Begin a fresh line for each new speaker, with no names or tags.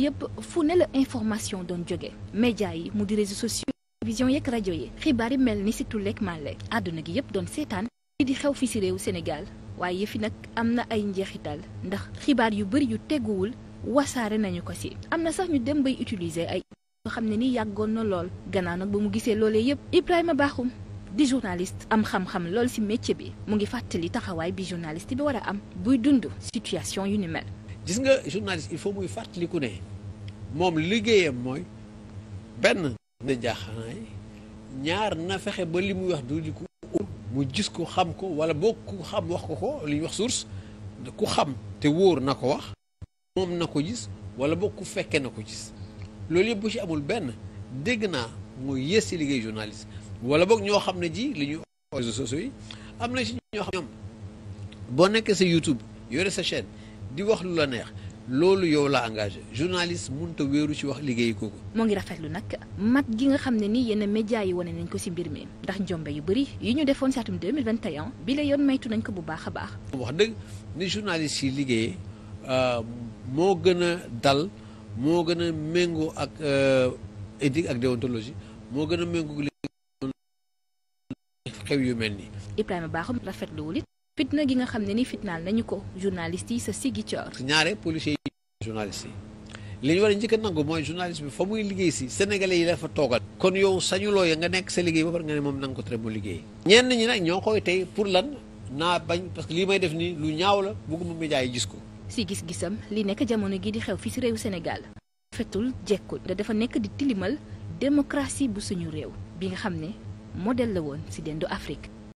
yëpp fu ne la information doon jóge média yi mu di réseaux sociaux télévision rajo yi xibaar yi mel ni si tulleeg màlle àdduna gi yëpp doon seetaan li di xew fi si réew Sénégal waaye yëfi nag am na ay njeexital ndax xibaar yu bëri yu teguwul wasaare nañu ko si am na sax ñu dem bay utiliser ay yoo xam ne ni yàggoon na lool gannaaw nag ba mu gisee loolee yëpp Ibrahima Bakhoum di journaliste am xam-xam lool ci métier bi mu ngi fàttali taxawaay bi journaliste bi war a am buy dund situation yu ni mel.
gis nga journaliste il faut fàttaliku ne. moom liggéeyam mooy benn na jaaxanaay ñaar na fexe ba li muy wax du di ko mu gis ko xam ko wala bokk ku xam wax ko ko li ñuy wax source ku xam te wóor na ko wax moom na ko gis wala bokk ku fekkee na ko gis loolu yëpp bu ci amul benn dégg naa mooy yées ci liggéey journaliste wala boog ñoo xam ne ji li ñuy réseaux sociaux yi am na ci ñoo xam ñoom boo nekkee sa YouTube yore sa chaîne di wax lu la neex loolu yow la engage journaliste mënut a wéeru ci wax liggéey kooku.
moo ngi rafet lu nag mat gi nga xam ne ni yenn média yi wane nañ ko ci mbir mi ndax njombe yu bëri yi ñu defoon ci atum 2021 bi la yoon maytu nañ ko bu baax a baax.
wax dëgg ni journaliste yi liggéeyee euh, moo gën a dal moo gën a méngoo ak euh, éthique ak déontologie moo gën a méngoo xew yu mel nii.
Ibrahima Bakhoum rafetlu wul it fitna gi nga xam ne ni fitnaal nañu ko journaliste yi sa sigi coor
ñaare journaliste yi li ñu war a njëkk a nangu mooy journaliste bi fa muy liggéey si sénégalais yi la toogal kon yow sañuloo ya nga nekk sa liggéey ba pare nga ne moom nangu ko tere mu liggéey ñenn ñi nag ñoo koy tey pour lan naa bañ parce que lii may def nii lu ñaaw la bëgguma média yi gis ko
si gis-gisam li nekk jamono gi di xew fi si réewu Sénégal fetul jekkul da dafa nekk di tilimal démocratie bu suñu réew bi nga xam ne modèle la woon si dendu Afrique